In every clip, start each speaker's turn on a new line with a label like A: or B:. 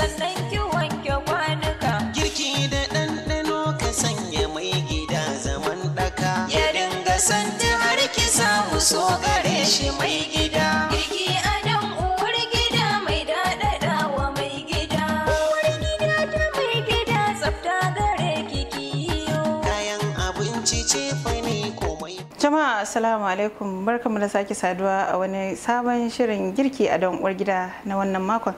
A: sannan ki wanke kwanuka. Girki da ɗanɗano ka sanya mai gida zaman ɗaka. Ya dinga santi har ki
B: samu so gare shi mai gida. Girki a nan uwar gida mai daɗaɗa wa mai gida. Uwar gida ta mai gida tsafta gare ki yo. Kayan abinci ce fani komai.
C: Jama'a assalamu alaikum barkamu da sake saduwa a wani sabon shirin girki a don uwar gida na wannan makon.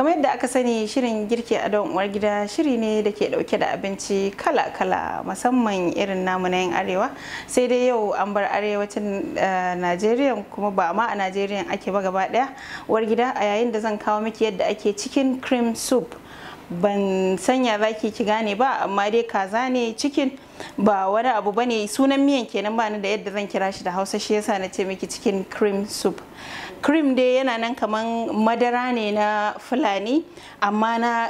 C: kamar yadda aka sani shirin girki a don uwar gida shiri ne da ke dauke da abinci kala-kala musamman irin namu arewa sai dai yau an bar arewacin eh, najeriya kuma ba ma a najeriya ake ba gaba daya uwar gida a yayin da zan kawo miki yadda ake cikin cream soup ban sanya zaki ki gane ba amma dai kaza ne cikin ba wani abu bane sunan miyan kenan ba da yadda zan kira shi da hausa shi yasa na ce miki cikin cream soup cream dai yana nan kaman madara ne na fulani amma na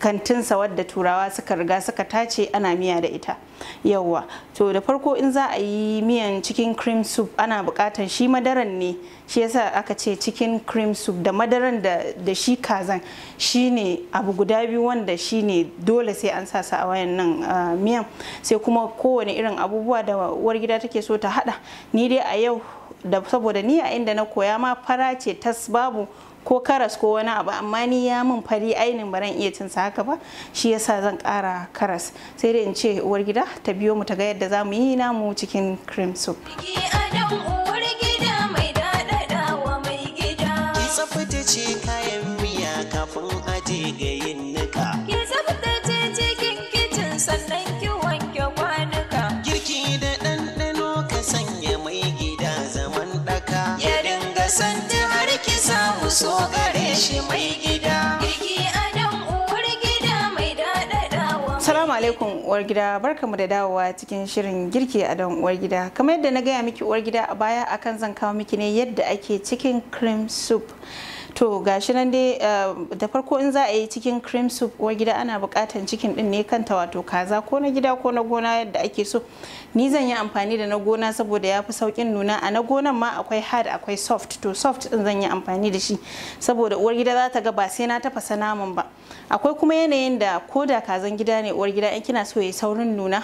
C: kantinsa wadda turawa suka riga suka tace ana miya da ita yauwa to da farko in za a yi miyan cikin cream soup ana bukatar shi madaran ne shi yasa aka ce cikin cream soup da madaran da shi kazan shi ne abu guda biyu wanda shi ne dole sai an sa sa a wayan nan miyan sai kuma kowane irin abubuwa da uwar take so ta hada ni dai a yau da saboda ni a inda na koya ma fara ce tas babu ko karas ko wani abu amma ni ya min fari ainin ba iya cin sa haka ba shi yasa zan kara karas sai dai in ce uwar gida ta biyo mu ta ga yadda za mu yi namu cikin cream soup. uwar gida barkamu da dawowa cikin shirin girki a don uwar gida kamar yadda na gaya miki uwar gida a baya akan zan kawo miki ne yadda ake cikin cream soup to gashi nan dai eh, da farko in za a yi cikin cream soup wa gida ana bukatar cikin din ne kanta wato kaza ko na gida ko na gona yadda ake so ni zan yi amfani da na gona saboda ya fi saukin nuna a na gonan ma akwai hard akwai soft to soft din zan yi amfani da shi saboda uwar gida za ta ga ba sai na tafasa naman ba akwai kuma yanayin da ko da kazan gida ne uwar gida in kina so ya yi saurin nuna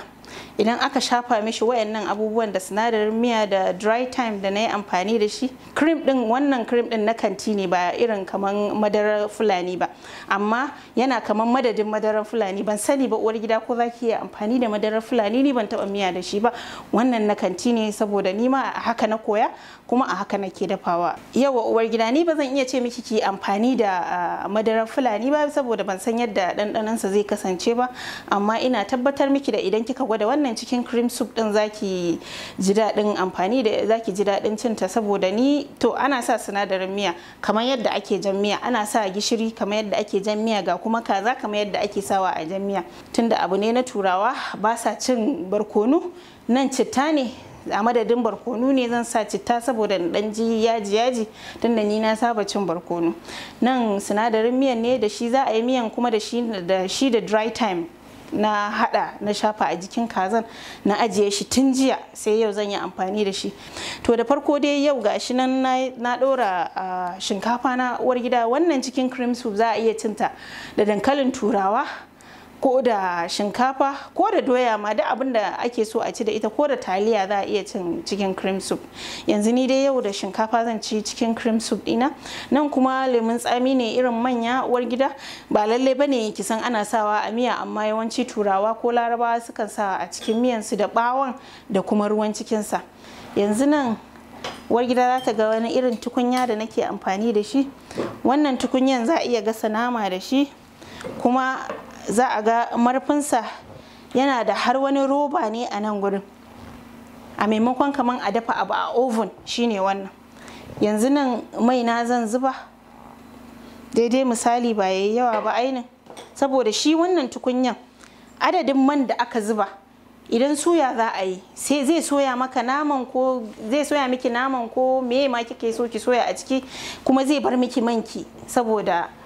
C: idan aka shafa mishi wayannan abubuwan da sinadarin miya da dry time da na yi amfani da shi cream din wannan cream din na kanti ne ba irin kamar madarar fulani ba amma yana kamar madadin madarar fulani ban sani ba uwar gida ko zaki yi amfani da madarar fulani ni ban taba miya da shi ba wannan na kanti ne saboda ni ma haka na koya kuma a haka nake dafawa yawa uwar gida ni ba zan iya ce miki ki amfani da ah, madarar fulani ba saboda ban san yadda sa zai kasance ba amma ina tabbatar miki da idan kika gwada wannan cikin cream soup din zaki ji daɗin amfani da zaki ji daɗin ta saboda ni to ana sa sinadarin miya kamar yadda ake jan miya ana sa gishiri kamar yadda ake jan miya ga kuma kaza kamar yadda ake sawa a jan miya tunda abu ne na turawa ba sa cin barkono nan citta ne a madadin barkono ne zan sa citta saboda na dan ji yaji yaji tunda ni na saba cin barkono nan sinadarin miyan ne da shi za a yi miyan kuma da shi da shi dry time na hada na shafa a jikin kazan na ajiye shi tun jiya sai yau zan yi amfani da shi to da farko dai yau gashi nan na dora shinkafa na uwar gida wannan cikin cream soup za a iya cinta da dankalin turawa ko da shinkafa ko da doya ma da abin da ake so a ci da ita ko da taliya za a iya cin cikin cream soup yanzu ni dai yau da shinkafa zan ci cikin cream soup dina nan kuma lemun tsami ne irin manya uwar gida ba lalle bane ki san ana sawa a miya amma yawanci turawa ko larabawa sukan sa a cikin miyan su da bawon da kuma ruwan cikin sa yanzu nan uwar gida za ta ga wani irin tukunya da nake amfani da shi wannan tukunyan za a iya gasa nama da shi kuma za a ga marfinsa yana da har wani roba ne a nan gurin a maimakon kamar a dafa abu a oven shine wannan yanzu nan mai na zan zuba daidai misali ba yayi yawa ba ainin saboda shi wannan tukunyan adadin man da aka zuba idan suya za a yi sai zai soya maka naman ko zai soya miki naman ko me ma kike so ki soya a ciki kuma zai bar miki manki saboda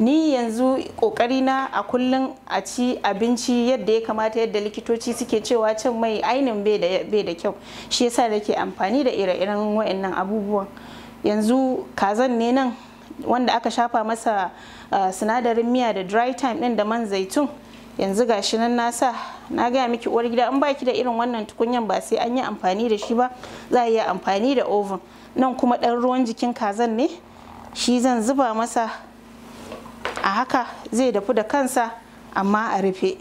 C: ni yanzu kokari na a kullum a ci abinci yadda ya kamata yadda likitoci suke cewa cin mai ainin bai da kyau shi yasa ke amfani da ire-iren wayannan abubuwan yanzu kazan ne nan wanda aka shafa masa eh, sinadarin miya da dry time din da man zaitun yanzu ga shi nan nasa na gaya miki uwar gida in baki da irin wannan tukunyan ba sai an yi amfani da shi ba za a iya amfani da oven nan kuma ɗan ruwan jikin kazan ne shi zan zuba masa a haka zai dafu da kansa amma a rufe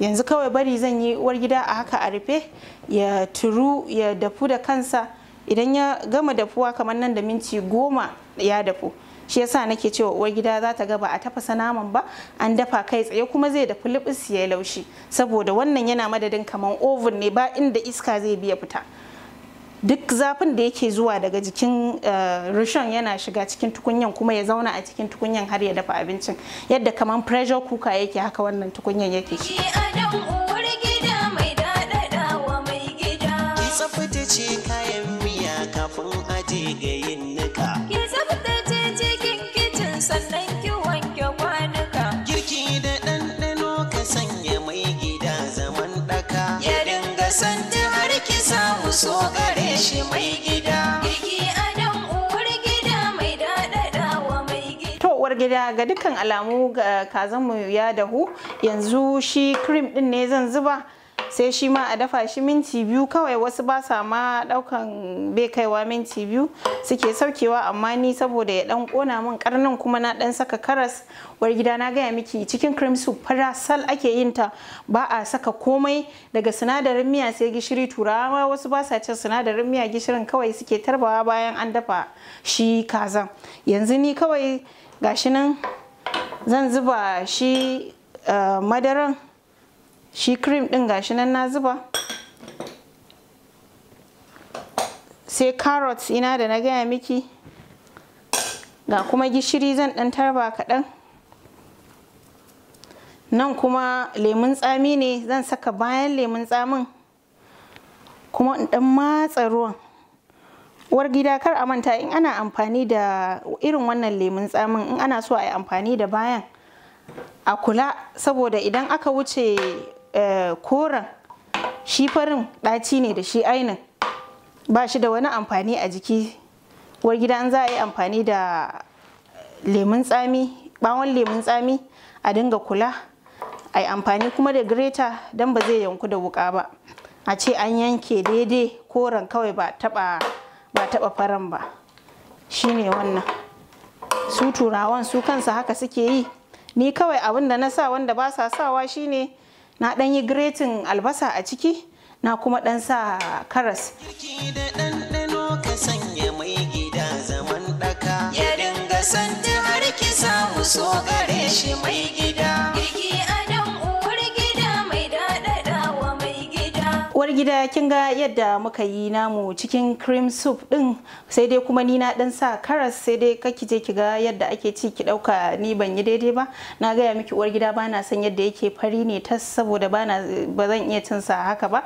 C: yanzu kawai bari zan yi uwar gida a haka a rufe ya turu ya dafu da kansa idan ya gama dafuwa kamar nan da minti goma ya dafu shi yasa nake cewa uwar gida za ta gaba a tafasa naman ba an dafa kai tsaye kuma zai dafu lubus ya laushi saboda wannan yana madadin kamar oven ne ba inda iska zai biya fita duk zafin da yake zuwa daga jikin eh, rishon yana shiga cikin tukunyan kuma ya zauna a cikin tukunyan har ya dafa abincin yadda kamar pressure cooker yake haka wannan tukunyan yake kafin
D: aje ga yin
B: so gare shi mai gida.
C: uwar gida ga dukkan alamu kazanmu ya dahu yanzu shi cream ɗin ne zan zuba. sai shi ma a dafa shi minti biyu kawai wasu ba sa ma daukan bai kaiwa minti biyu suke saukewa amma ni saboda ya dan kona min karnin kuma na dan saka karas war gida na gaya miki cikin cream soup fara sal ake yin ta ba a saka komai daga sinadarin miya sai gishiri turawa wasu ba sa cin sinadarin miya gishirin kawai suke tarbawa bayan an dafa shi kazan yanzu ni kawai gashinan zan zuba shi eh, madaran shi cream din gashi nan na zuba sai carrots ina da na gaya miki ga kuma gishiri zan dan tarba kaɗan nan kuma lemun tsami ne zan saka bayan lemun tsamin kuma in dan matsa ruwan uwar gida kar a manta in ana amfani da irin wannan lemun tsamin in ana so a yi amfani da bayan a kula saboda idan aka wuce Eh, koren shi farin ɗaci ne da shi ainin ba shi da wani amfani a jiki war gida an za a yi amfani da lemun tsami bawon lemun tsami a dinga kula a yi amfani kuma da greta don ba zai yanku da wuka ba a ce an yanke daidai koren kawai ba taba ba faran ba shine wannan su turawan su kansa haka suke yi ni kawai abin da na sa wanda ba sa sawa shine na ɗan yi grating albasa a ciki na kuma ɗan sa karas
D: Ya dinga
B: santa har ki samu so gare shi mai gida.
C: uwar gida kin ga yadda muka yi namu cikin cream soup din sai dai kuma ni na dan sa karas sai dai kake je ki ga yadda ake ci ki dauka ni ban yi daidai ba na gaya miki uwar gida bana san yadda yake fari ne tas saboda bana ba zan iya cin sa haka ba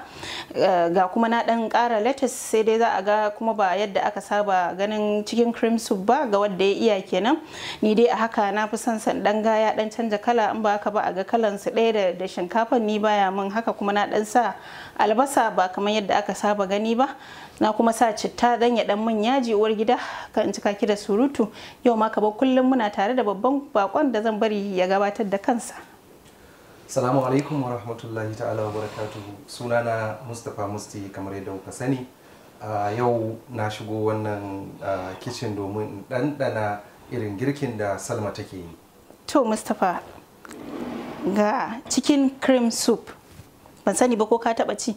C: eh, ga kuma na dan kara lettuce sai dai za a ga kuma ba yadda aka saba ganin cikin cream soup ba ga wanda ya iya kenan ni dai a haka na fi son san dan gaya dan canja kala in ba haka ba a ga kalan su daya da shinkafan ni baya min haka kuma na dan sa albasa masa ba kamar yadda aka saba gani ba na kuma sa citta dan ya dan mun yaji uwar gida in cika ki da surutu yau ma ba kullum muna tare da babban bakon da zan bari ya gabatar da kansa
E: Assalamu alaikum wa rahmatullahi ta'ala wa barakatuhu sunana Mustapha Musti kamar yadda kuka sani yau na shigo wannan kicin domin in dandana irin girkin da Salma take yi.
C: To Mustapha ga cikin cream soup ban sani ba ko ka taba ci.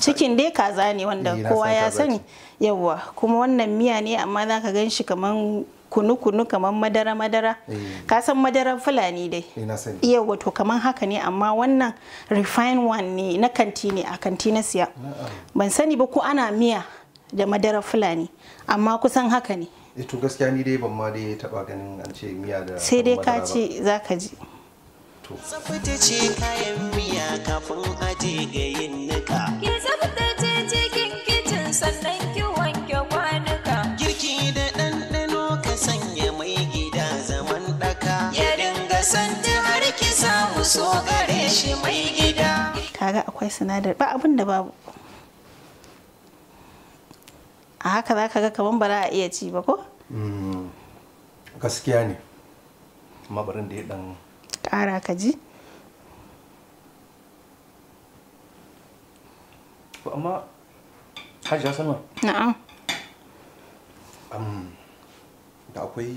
C: cikin dai kaza ne wanda eh, kowa ya sani yawwa kuma wannan miya ne amma za ka gan shi kaman kunu-kunu kamar madara-madara eh. ka san madarar fulani dai eh, iya wato kamar haka ne amma wannan refine one ne na kanti ne a kanti na siya ban sani ba ko ana miya da madarar fulani amma kusan haka ne
E: to gaskiya ni dai ban ma dai taba ganin an ce miya da sai dai ka ce
C: ka ji
D: Tsaftace kayan miya kafin aje ga yin Ki
A: tsaftace da ɗanɗano ka sanya mai gida zaman ɗaka.
C: Kaga akwai sinadar ba abin da babu. A haka za ka ga kaman ba a iya ci ba ko?
E: Hmm, gaskiya ne. Amma barin da ya dan.
C: ƙara ka ji
E: amma hajiya sama na'am um, da akwai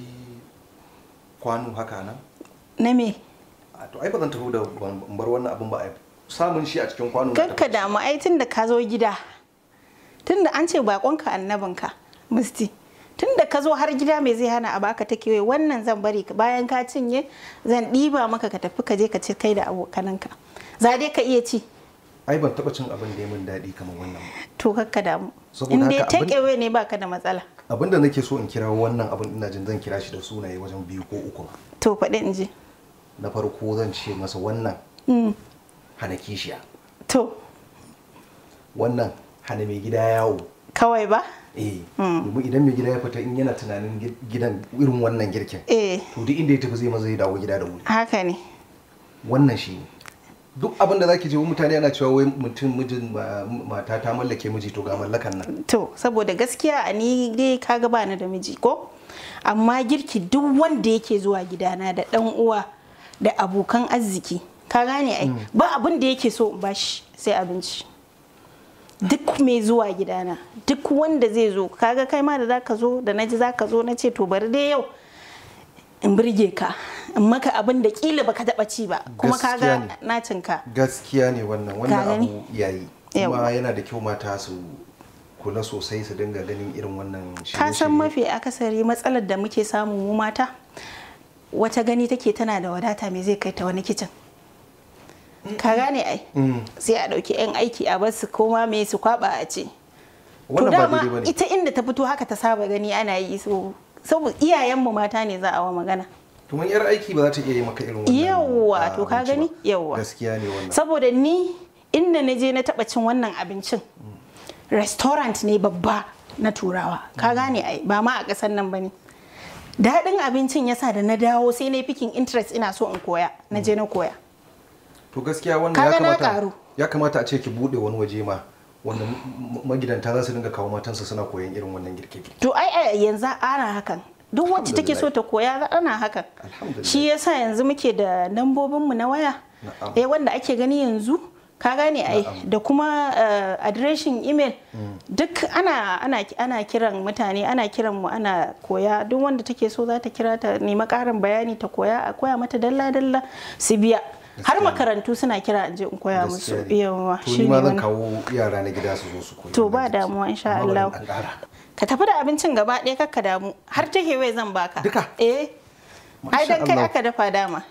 E: kwano haka nan na me to ai ba zan taho da bar wannan abin ba a samun shi a cikin kwano ka
C: damu ai tun da ka zo gida tun da an ce bakonka annabinka musti tun da ka zo har gida mai zai hana a baka ta kewaye wannan zan bari bayan ka cinye zan ɗiba maka ka tafi ka je ka ci kai da abokananka za dai ka iya ci
E: ai ban taba cin abin da ya min daɗi kamar wannan
C: to kakka damu in dai take away ne baka da matsala
E: abin da nake so in kira wannan abin ina jin zan kira shi da sunaye wajen biyu ko uku to faɗi in ji na farko zan ce masa wannan mm. hana kishiya to wannan hana mai gida yawo kawai ba eh mm. idan mai gida ya fita in yana tunanin gidan irin wannan girkin eh to duk inda ya tafi zai maza ya dawo gida da wuri haka ne wannan shi duk abin da zaki je mutane ana cewa wai mutum mijin mata ta mallake miji to ga mallakan nan to
C: saboda gaskiya a ni dai kaga ba ni da miji ko amma girki duk wanda yake zuwa gidana da dan uwa da abokan arziki ka gane ai mm. ba abin da yake so bashi sai abinci duk mai zuwa gidana duk wanda zai zo kaga kai ma da za ka zo da na ji za ka zo na ce to bari dai yau in birge ka in maka abin da kila baka taba ci ba kuma kaga na cinka
E: gaskiya ne wannan wannan abu yayi kuma yana da kyau mata su kula sosai su dinga ganin irin wannan shi ka
C: san mafi akasari matsalar da muke samu mu mata wata gani take tana da wadata me zai kai ta wani kicin ka gane ai mm. sai a ɗauki 'yan aiki a basu koma me su kwaba a ce to dama ita inda ta fito haka ta saba gani ana yi so iyayen iyayenmu mata ne za a wa magana
E: domin yar aiki ba za ta iya yi maka irin wannan
C: yawa to ka gani
E: yawa. gaskiya ne wannan
C: saboda ni inda na je na taba cin wannan abincin restaurant ne babba na turawa ka mm. gane ai ba ma a kasan nan bane daɗin abincin yasa da na dawo sai na fikin interest ina so in koya na je na koya
E: to gaskiya wannan ya kamata ya kamata a ce ki bude wani waje ma wanda magidanta za su dinga kawo matansa suna koyon irin wannan girke
C: to ai yanzu ana hakan duk wacce take so ta koya ana hakan shi yasa yanzu muke da lambobin mu na waya eh wanda ake gani yanzu ka gane ai da kuma eh, adireshin email mm. duk ana ana ana kiran mutane ana kiran mu ana koya duk wanda take so za ta kira ta nemi karin bayani ta koya a koya mata dalla dalla su biya har makarantu suna kira je in koya musu yawa shi ne zan
E: kawo yara na gida su zo su koyi
C: to ba damuwa insha Allah ka tafi da abincin gaba ɗaya kakka damu har ta hewe zan baka duka eh
E: ai dan kai aka
C: dafa dama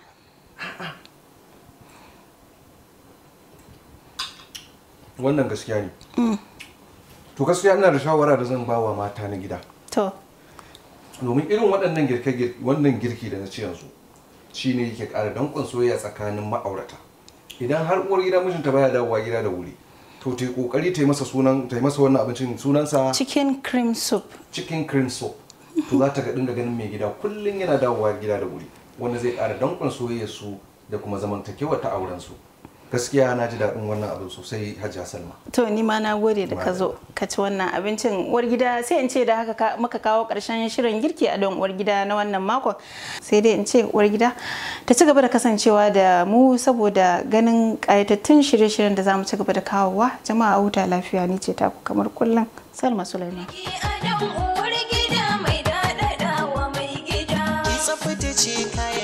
E: wannan gaskiya ne mm. to gaskiya ina da shawara da zan bawa mata na gida to domin irin waɗannan girke wannan girki da na ce yanzu shine yake ƙara dankon soyayya tsakanin ma'aurata idan har uwar gida mijinta baya dawowa gida da wuri to ta yi kokari ta yi masa sunan ta masa wannan abincin sunansa chicken cream soup chicken cream soup to za ta ga dinga ganin mai gida kullum yana dawowa gida da wuri wanda zai ƙara dankon soyayya su da kuma zamantakewa ta auren su gaskiya na ji daɗin wannan abin sosai hajiya salma
C: to ni ma na gode da ka zo ka ci wannan abincin uwar gida sai in ce da haka maka kawo ƙarshen shirin girki a don uwar gida na wannan makon sai dai in ce uwar gida ta ci gaba da kasancewa da mu saboda ganin ƙayatattun shirye-shiryen da za mu ci gaba da kawowa jama'a huta lafiya ni ce taku kamar kullum salma suleiman
D: ce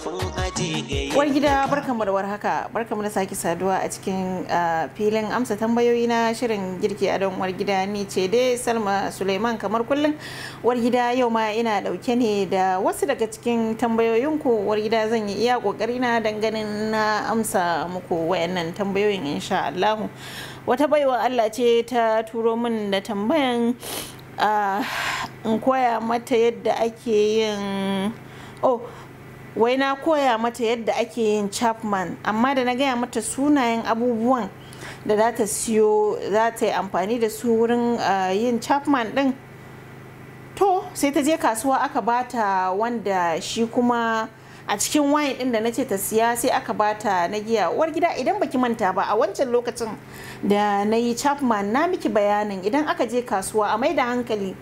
D: Uwar gida
C: barkamu da warhaka mu da sake saduwa a cikin filin amsa tambayoyi na shirin girki a don uwar gida ni ce dai Salma Suleiman kamar kullum uwar gida yau ma ina dauke ne da wasu daga cikin tambayoyinku uwar gida zan yi iya kokari na danganin na amsa muku wayannan tambayoyin insha Allahu wata baiwa Allah ce ta turo min da tambayan ah, in koya mata yadda ake yin oh wai na koya mata yadda ake yin chapman amma da na gaya mata sunayen abubuwan da za ta siyo za ta yi amfani da su wurin eh, yin chapman din to sai ta je kasuwa aka bata wanda shi kuma a cikin wayan din da na ce ta siya sai aka bata na giya uwar gida idan baki manta ba a wancan lokacin da na yi chapman na miki bayanin idan aka je kasuwa a mai da hankali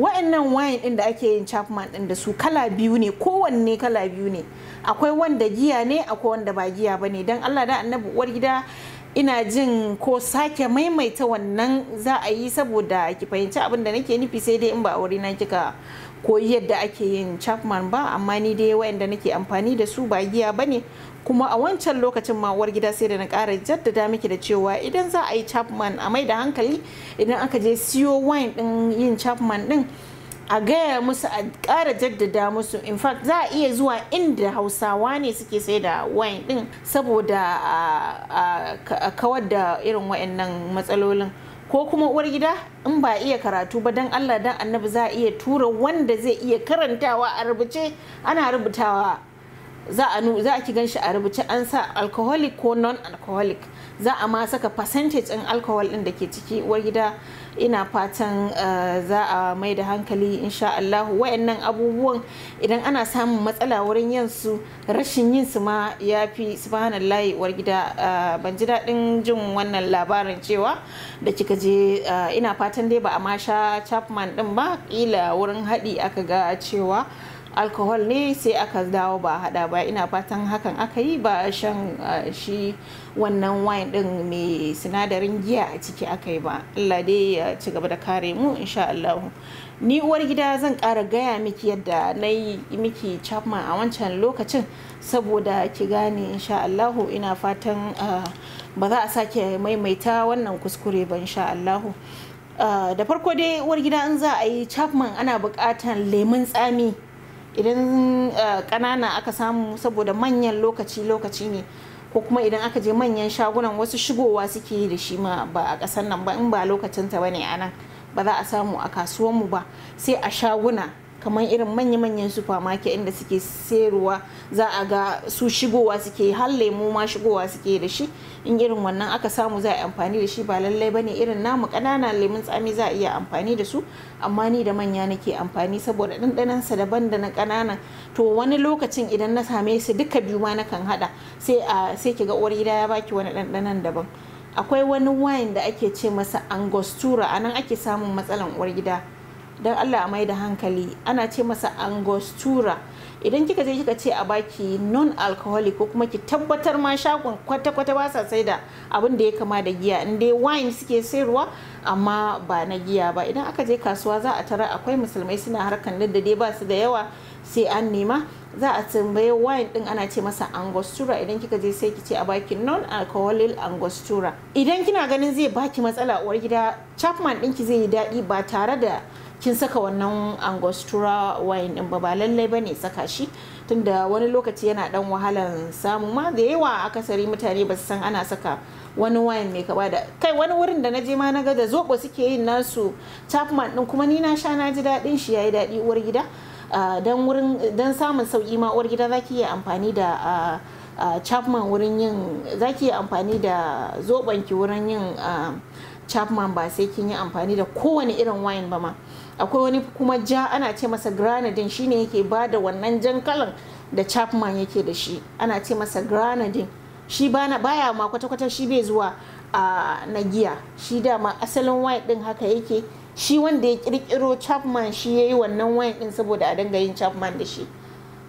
C: wa'annan wayan din da ake yin chapman din da su kala biyu ne kowanne kala biyu ne akwai wanda giya ne akwai wanda ba giya ba ne don allah da annabi uwar gida ina jin ko sake maimaita wannan za a yi saboda ki fahimci abin da nake nufi sai dai in ba a wuri na kika koyi yadda ake yin chapman ba amma ni dai wa'anda nake amfani da su ba giya ba ne kuma a wancan lokacin ma uwar gida sai da na kara jaddada miki da cewa idan za a yi chapman a mai da hankali idan aka je siyo wine din yin chapman din a gaya musu a kara jaddada musu in fact za a iya zuwa inda hausawa ne suke sai da wine din saboda a kawar da irin waɗannan matsalolin ko kuma uwar gida in ba iya karatu ba don Allah dan annabi za a iya tura wanda zai iya karantawa a rubuce ana rubutawa za a nu za a ki ganshi a rubuce an sa alcoholic ko non alcoholic za a ma saka percentage din alcohol din da ke ciki uwar gida ina fatan eh, za a mai da hankali insha Allah wayannan abubuwan idan ana samun matsala wurin yin su rashin yin su ma ya fi subhanallah uwar gida eh, ban ji dadin jin wannan labarin cewa da kika je eh, ina fatan dai ba a masha sha Chapman din ba kila wurin haɗi aka ga cewa alkohol ne sai aka dawo ba hada ba ina fatan hakan aka yi ba shan shi wannan wine din mai sinadarin giya a ciki aka yi ba Allah dai ya ci gaba da kare mu insha Allah ni uwar gida zan kara gaya miki yadda na yi miki chapman a wancan lokacin saboda ki gane insha Allah ina fatan ba za a sake maimaita wannan kuskure ba insha Allah da farko dai uwar gida in za a yi chapman ana bukatan lemun tsami idan eh, ƙanana aka samu saboda manyan lokaci lokaci ne ko kuma idan aka je manyan shagunan wasu shigowa suke yi da shi ma ba a ƙasar nan ba in ba lokacinta ba ne a nan ba za a samu a kasuwanmu ba sai a shaguna kamar irin manya-manyan supermarket inda suke sayarwa za a ga su shigowa suke har lemu ma shigowa suke da shi in irin wannan aka samu za a amfani da shi ba lallai bane irin namu kananan lemun tsami za a iya amfani da su amma ni da manya nake amfani saboda ɗanɗanan sa daban da na kanana to wani lokacin idan na same su duka biyu ma nakan haɗa sai a sai ki ga uwar gida ya baki wani ɗanɗanan daban akwai wani wine da ake ce masa angostura anan ake samun matsalan uwar gida don allah a mai da hankali ana ce masa angostura idan kika je kika ce a baki non alcoholic ko kuma ki tabbatar ma shagon kwata-kwata ba sa sai da abin da ya kama da giya in dai wine suke sayarwa amma ba na giya ba idan aka je kasuwa za a tara akwai musulmai suna harkar da dai ba su da yawa sai an nema za a tambaye wine din ana ce masa angostura idan kika je sai ki ce a baki non alcoholic angostura idan kina ganin zai baki matsala uwar gida chapman ɗinki zai yi daɗi ba tare da kin saka wannan angostura wine din ba ba lallai bane saka shi tunda wani lokaci yana dan wahalan samu ma da yawa akasari mutane ba su san ana saka wani wine mai kaba da kai wani wurin da na je ma na ga da zobo suke yin nasu chapman din kuma ni na sha na ji dadin shi yayi dadi uwar gida dan wurin dan samun sauki ma uwar gida zaki yi amfani da chapman wurin yin zaki yi amfani da zobanki wurin yin chapman ba sai kin yi amfani da kowane irin wine ba ma akwai wani kuma ja ana ce masa granadin shine yake ba da wannan jan kalan da chapman yake da shi ana ce masa granadin shi bana baya ma kwata-kwata shi bai zuwa a nagiya shi dama asalin wine din haka yake shi wanda ya kirkiro chapman shi ya yi wannan wine din saboda a dinga yin chapman da shi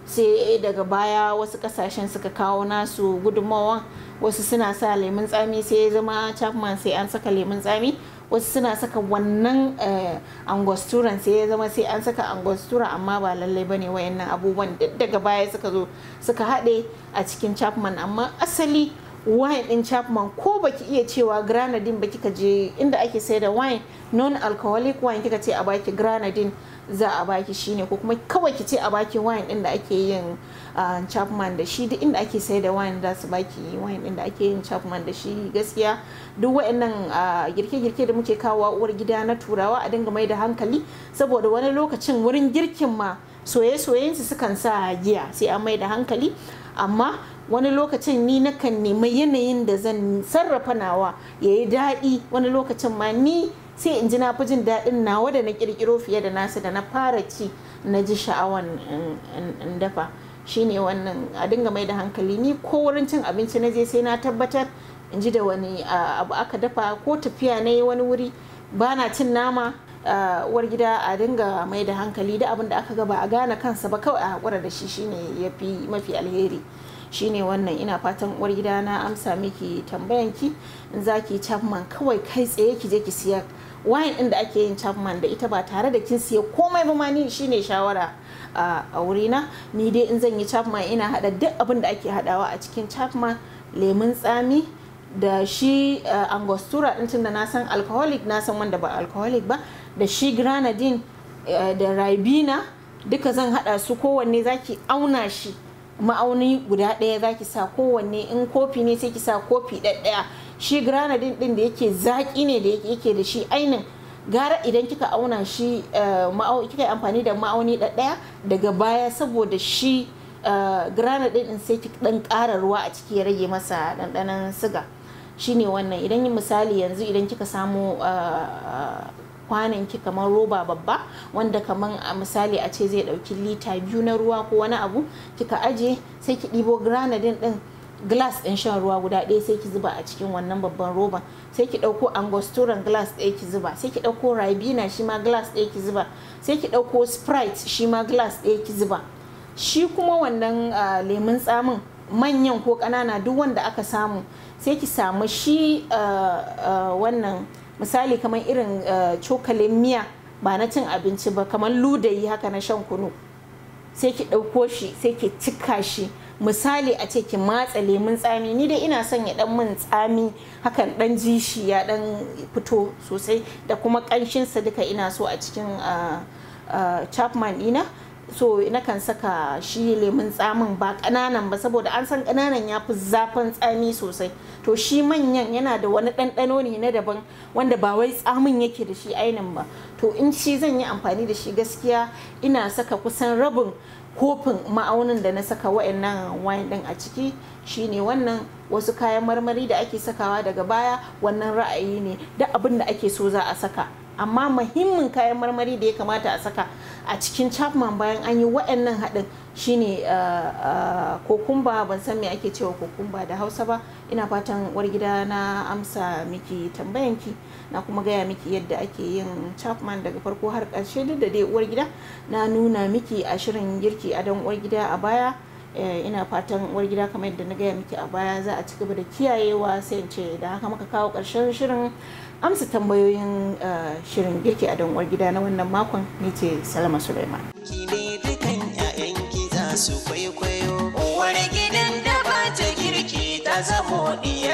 C: sai daga baya wasu kasashen suka kawo nasu gudunmawan wasu suna sa lemun tsami sai ya zama chapman sai an saka lemun tsami wasu suna saka wannan eh, angosturan sai ya zama sai an saka angostura amma ba lallai ba bane wayannan abubuwan duk daga baya suka zo suka haɗe a cikin chapman amma asali wine din chapman ko baki iya cewa granadine ba kika je inda ake sai da wine non alcoholic wine kika ce a baki granadine za a baki shi ne ko kuma kawai ki ce a baki wine din da ake yin chapman da shi duk inda ake sai da wine za su baki wine din da ake yin chapman da shi gaskiya duk wayannan girke-girke da muke kawo uwar gida na turawa a dinga mai da hankali saboda wani lokacin wurin girkin ma soye su sukan sa giya sai an mai da hankali amma wani lokacin ni nakan nemi yanayin da zan sarrafa nawa ya yi daɗi wani lokacin ma ni sai in ji na fi jin daɗin nawa da na ƙirƙiro fiye da nasu da na fara ci na ji sha'awan in dafa shine wannan a dinga mai da hankali ni ko wurin cin abinci na je sai na tabbatar in ji da wani abu aka dafa ko tafiya na yi wani wuri ba na cin nama uwar gida a dinga mai da hankali da abin da aka gaba a gane kansa ba kawai a haƙura da shi shine ya fi mafi alheri shine wannan ina fatan uwar gida na amsa miki tambayanki in za ki kawai kai tsaye ki je ki siya wayan din da ake yin chapman da ita ba tare da kin siya komai ba mani ni shine shawara a wurina ni dai in zan yi chapman ina hada duk abin da ake hadawa a cikin chapman lemun tsami da shi angostura din tunda na san alcoholic na san wanda ba alcoholic ba da shi granadine da ribina duka zan hada su kowanne zaki auna shi ma'auni guda ɗaya zaki sa kowanne in kofi ne sai ki sa kofi ɗaya shi granadin din da yake zaki ne da yake da shi ainin gara idan kika auna shi eh, kika yi amfani da ma'auni ɗaya daga baya saboda shi eh, granadin din sai kika ɗan ƙara ruwa a ciki ya rage masa ɗanɗanon siga shine wannan idan misali yanzu idan kika samu eh, kwanan ki kamar roba babba wanda kamar a misali a ce zai ɗauki lita biyu na ruwa ko wani abu kika aje sai ki ɗibo granadin ɗin glass ɗin shan ruwa guda ɗaya sai ki zuba a cikin wannan babban roban sai ki ɗauko angosturan glass ɗaya ki zuba sai ki ɗauko ribina shi ma glass ɗaya ki zuba sai ki ɗauko sprite shi ma glass ɗaya ki zuba shi kuma wannan lemun tsamin manyan ko ƙanana duk wanda aka samu sai ki samu shi wannan misali kamar irin cokalin miya ba na cin abinci ba kamar ludayi haka na shan kunu sai ki ɗauko shi sai ki cika shi misali a ce ki matsa lemun tsami ni dai ina son ya dan min tsami hakan dan ji shi ya dan fito sosai da kuma sa duka ina so a cikin chapman dina so nakan saka shi lemun tsamin ba ƙananan ba saboda an san ƙananan ya fi zafin tsami sosai to shi manyan yana da wani ɗanɗano ne na daban wanda ba wai tsamin yake da shi ainin ba to in shi zan yi amfani da shi gaskiya ina saka kusan rabin kofin ma'aunin da na saka wa'annan wine din a ciki shine wannan wasu kayan marmari da ake sakawa daga baya wannan ra'ayi ne da abin da ake so za a saka amma muhimmin kayan marmari da ya kamata a saka a cikin chapman bayan an yi wa'annan haɗin shine kokumba eh, eh, ban san me ake cewa kokumba da hausa ba ina fatan wargida na amsa miki tambayanki na kuma gaya miki yadda ake yin chapman daga farko har ƙarshe duk da dai uwar gida na nuna miki a shirin girki a don uwar gida a baya eh, ina fatan uwar gida kamar yadda na gaya miki a baya za a ci gaba da kiyayewa sai in ce da haka muka kawo ƙarshen shirin amsa tambayoyin eh, shirin girki a don uwar gida na wannan makon ni ce salama suleiman
B: ki kwaikwayo uwar gidan da ba girki ta zamo